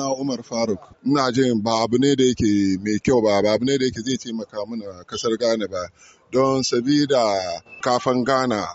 sunana Umar Faruk. Ina jin ba abu ne da yake mai kyau ba, ba abu ne da yake zai taimaka mana kasar Ghana ba. Don sabida kafan Ghana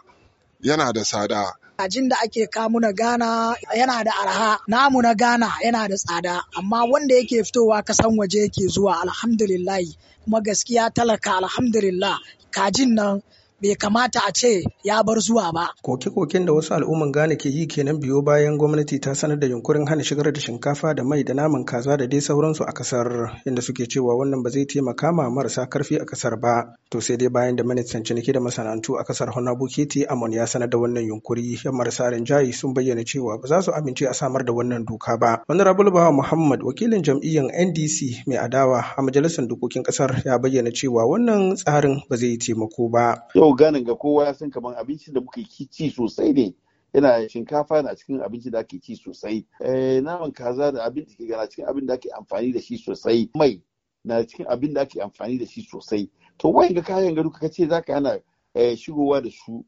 yana da tsada. Ajin da ake kamu na Ghana yana da arha, namu na Ghana yana da tsada, amma wanda yake fitowa kasan waje yake zuwa alhamdulillahi, kuma gaskiya talaka alhamdulillah kajin nan bai kamata a ce ya bar zuwa ba. Koke-koken da wasu al'umman gane ke yi kenan biyo bayan gwamnati ta sanar da yunkurin hana shigar da shinkafa da mai da naman kaza da dai sauransu a kasar inda suke cewa wannan ba zai taimaka ma marasa karfi a kasar ba. To sai dai bayan da ministan ciniki da masana'antu a kasar Honabu Keti Amon ya sanar da wannan yunkuri yan marasa rinjaye sun bayyana cewa ba za su amince a samar da wannan doka ba. rabul Bawa Muhammad wakilin jam'iyyar NDC mai adawa a majalisar dokokin kasar ya bayyana cewa wannan tsarin ba zai taimako ba. Yau ganin ga kowa ya san kamar abincin da muke ci sosai ne yana shinkafa na cikin abinci da ake ci sosai eh, naman kaza da abin da ke gana cikin abin da ake amfani da shi sosai mai na cikin abin da ake amfani da shi sosai to wai ga kayan gado ka ce zaka yana eh, shigowa da su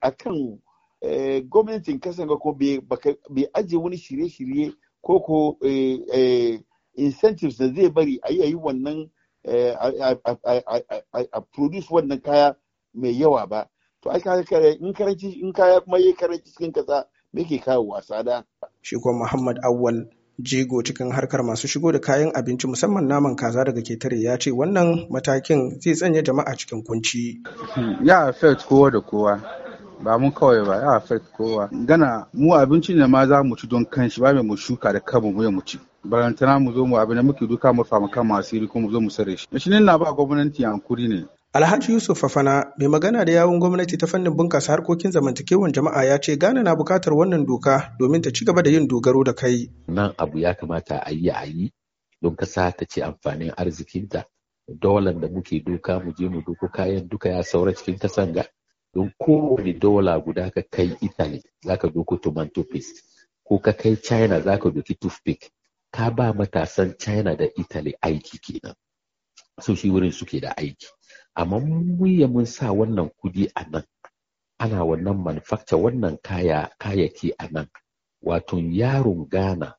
a kan eh, gwamnatin kasan ga ko bai ajiye wani shirye-shirye ko ko incentives da zai bari a yi wannan Eh, a produce wannan kaya mai yawa ba to ai kare in karanci in kaya kuma yi karanci cikin kasa me ke kawo wasa da shi kuma Muhammad Awwal jego cikin harkar masu shigo da kayan abinci musamman naman kaza daga ketare ya ce wannan matakin zai tsanya jama'a cikin kunci ya affect kowa da kowa ba mun kawai ba ya affect kowa gana mu abinci ne ma za mu ci don kanshi ba mai mu shuka da kanmu mu ya mu ci barantana mu zo mu abin da muke duka mu fama kan masu ko mu zo mu sare shi shi na ba gwamnati hankuri ne Alhaji Yusuf Fafana mai magana da yawun gwamnati ta fannin bunƙasa harkokin zamantakewan jama'a ya ce Ghana na buƙatar wannan doka domin ta ci gaba da yin dogaro da kai. Nan abu ya kamata a yi a yi don kasa ta ce amfanin arzikinta dolan da muke doka mu je mu doko kayan duka ya saura cikin kasan ga don kowane dola guda ka kai Italy zaka doko tomato paste ko ka kai China zaka doki toothpick ka ba matasan china da italy aiki kenan so shi wurin suke da aiki amma muya mun sa wannan kudi a nan ana wannan manufacture wannan kaya kayaki a nan wato yaron ghana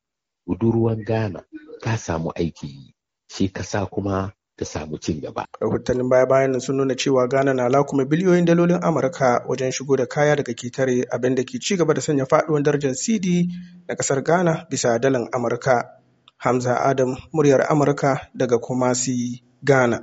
budurwan ghana ta samu aiki shi kasa kuma ta samu cin gaba. Rahotannin baya bayan sun nuna cewa Ghana na lakume biliyoyin dalolin Amurka wajen shigo da kaya daga ketare abinda ke ci gaba da sanya faduwan darajar CD na kasar Ghana bisa dalan Amurka. Hamza Adam muryar Amurka daga Kumasi, Ghana.